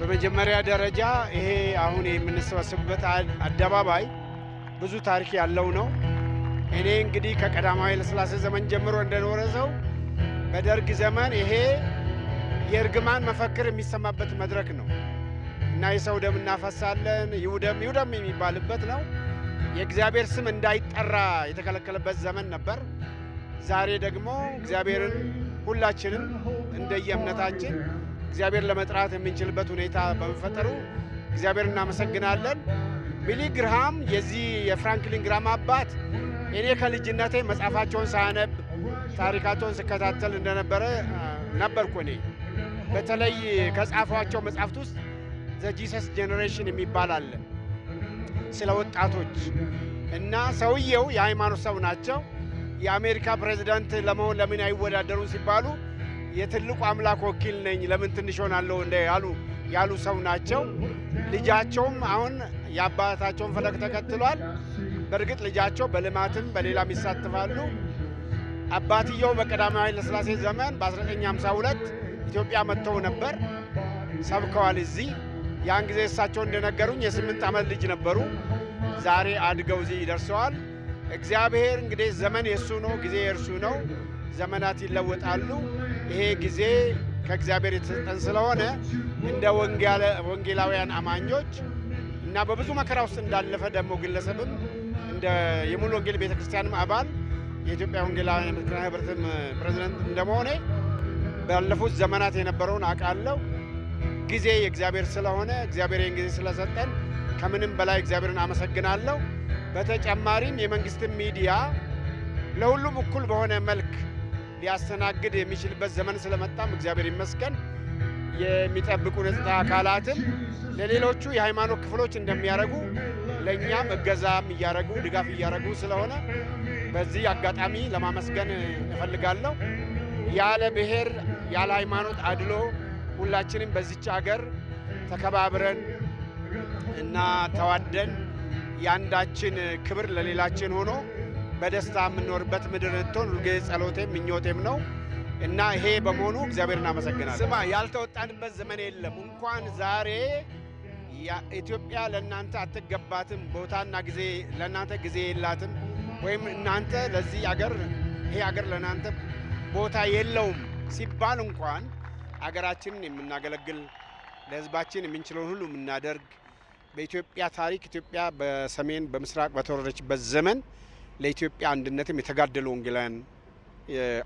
በመጀመሪያ ደረጃ ይሄ አሁን የምንሰበሰብበት አደባባይ ብዙ ታሪክ ያለው ነው። እኔ እንግዲህ ከቀዳማዊ ኃይለሥላሴ ዘመን ጀምሮ እንደኖረ ሰው በደርግ ዘመን ይሄ የእርግማን መፈክር የሚሰማበት መድረክ ነው እና የሰው ደም እናፈሳለን ይውደም ይውደም የሚባልበት ነው። የእግዚአብሔር ስም እንዳይጠራ የተከለከለበት ዘመን ነበር። ዛሬ ደግሞ እግዚአብሔርን ሁላችንም እንደየእምነታችን እግዚአብሔር ለመጥራት የምንችልበት ሁኔታ በመፈጠሩ እግዚአብሔር እናመሰግናለን። ቢሊ ግርሃም የዚህ የፍራንክሊን ግራም አባት እኔ ከልጅነቴ መጽሐፋቸውን ሳነብ ታሪካቸውን ስከታተል እንደነበረ ነበርኩ። እኔ በተለይ ከጻፏቸው መጽሐፍት ውስጥ ዘ ጂሰስ ጄኔሬሽን የሚባል አለ ስለ ወጣቶች እና ሰውየው የሃይማኖት ሰው ናቸው። የአሜሪካ ፕሬዚዳንት ለመሆን ለምን አይወዳደሩም ሲባሉ የትልቁ አምላክ ወኪል ነኝ፣ ለምን ትንሽ ሆናለሁ እንደ ያሉ ያሉ ሰው ናቸው። ልጃቸውም አሁን የአባታቸውን ፈለግ ተከትሏል። በእርግጥ ልጃቸው በልማትም በሌላም ይሳትፋሉ። አባትየው በቀዳማዊ ኃይለ ሥላሴ ዘመን በ1952 ኢትዮጵያ መጥተው ነበር፣ ሰብከዋል እዚህ። ያን ጊዜ እሳቸው እንደነገሩኝ የስምንት ዓመት ልጅ ነበሩ። ዛሬ አድገው እዚህ ደርሰዋል። እግዚአብሔር እንግዲህ ዘመን የእሱ ነው፣ ጊዜ የእርሱ ነው። ዘመናት ይለወጣሉ። ይሄ ጊዜ ከእግዚአብሔር የተሰጠን ስለሆነ እንደ ወንጌላውያን አማኞች እና በብዙ መከራ ውስጥ እንዳለፈ ደግሞ ግለሰብም እንደ የሙሉ ወንጌል ቤተ ክርስቲያንም አባል የኢትዮጵያ ወንጌላውያን ምክር ህብረትም ፕሬዚደንት እንደመሆኔ ባለፉት ዘመናት የነበረውን አውቃለሁ። ጊዜ የእግዚአብሔር ስለሆነ እግዚአብሔር ይህን ጊዜ ስለሰጠን ከምንም በላይ እግዚአብሔርን አመሰግናለሁ። በተጨማሪም የመንግስትን ሚዲያ ለሁሉም እኩል በሆነ መልክ ሊያስተናግድ የሚችልበት ዘመን ስለመጣም እግዚአብሔር ይመስገን የሚጠብቁ ነጽታ አካላትን ለሌሎቹ የሃይማኖት ክፍሎች እንደሚያደርጉ ለእኛም እገዛም እያደረጉ ድጋፍ እያደረጉ ስለሆነ በዚህ አጋጣሚ ለማመስገን እፈልጋለሁ። ያለ ብሔር ያለ ሃይማኖት አድሎ ሁላችንም በዚች አገር ተከባብረን እና ተዋደን የአንዳችን ክብር ለሌላችን ሆኖ በደስታ የምንኖርበት ምድር እንድትሆን ሁልጊዜ ጸሎቴም ምኞቴም ነው እና ይሄ በመሆኑ እግዚአብሔር እናመሰግናለን። ስማ ያልተወጣንበት ዘመን የለም። እንኳን ዛሬ ኢትዮጵያ ለእናንተ አትገባትም፣ ቦታና ጊዜ ለእናንተ ጊዜ የላትም፣ ወይም እናንተ ለዚህ አገር ይሄ አገር ለእናንተ ቦታ የለውም ሲባል እንኳን አገራችንን የምናገለግል ለህዝባችን የምንችለውን ሁሉ የምናደርግ በኢትዮጵያ ታሪክ ኢትዮጵያ በሰሜን በምስራቅ በተወረረችበት ዘመን ለኢትዮጵያ አንድነትም የተጋደሉ ወንጌላውያን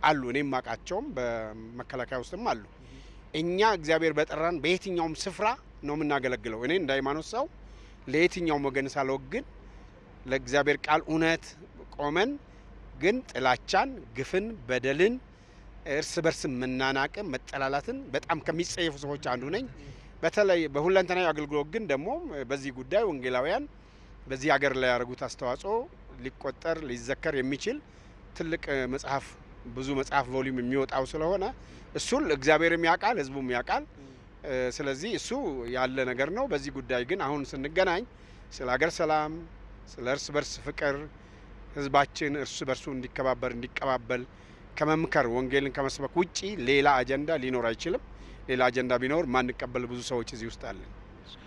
አሉ። እኔም ማቃቸውም በመከላከያ ውስጥም አሉ። እኛ እግዚአብሔር በጠራን በየትኛውም ስፍራ ነው የምናገለግለው። እኔ እንደ ሃይማኖት ሰው ለየትኛውም ወገን ሳልወግን ለእግዚአብሔር ቃል እውነት ቆመን ግን ጥላቻን፣ ግፍን፣ በደልን፣ እርስ በርስ መናናቅን፣ መጠላላትን በጣም ከሚጸየፉ ሰዎች አንዱ ነኝ። በተለይ በሁለንተናዊ አገልግሎት ግን ደግሞ በዚህ ጉዳይ ወንጌላውያን በዚህ ሀገር ላይ ያደረጉት አስተዋጽኦ ሊቆጠር ሊዘከር የሚችል ትልቅ መጽሐፍ ብዙ መጽሐፍ ቮሊዩም የሚወጣው ስለሆነ እሱን እግዚአብሔርም ያውቃል፣ ህዝቡም ያውቃል። ስለዚህ እሱ ያለ ነገር ነው። በዚህ ጉዳይ ግን አሁን ስንገናኝ ስለ ሀገር ሰላም፣ ስለ እርስ በርስ ፍቅር ህዝባችን እርስ በርሱ እንዲከባበር እንዲቀባበል ከመምከር ወንጌልን ከመስበክ ውጪ ሌላ አጀንዳ ሊኖር አይችልም። ሌላ አጀንዳ ቢኖር ማንቀበል ብዙ ሰዎች እዚህ ውስጥ አለን።